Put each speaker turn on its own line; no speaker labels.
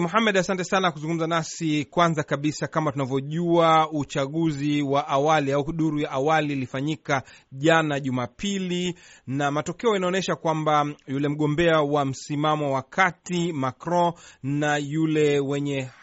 Muhamed, asante sana kuzungumza nasi. Kwanza kabisa, kama tunavyojua, uchaguzi wa awali au duru ya awali ilifanyika jana Jumapili, na matokeo yanaonyesha kwamba yule mgombea wa msimamo wa kati Macron na
yule wenye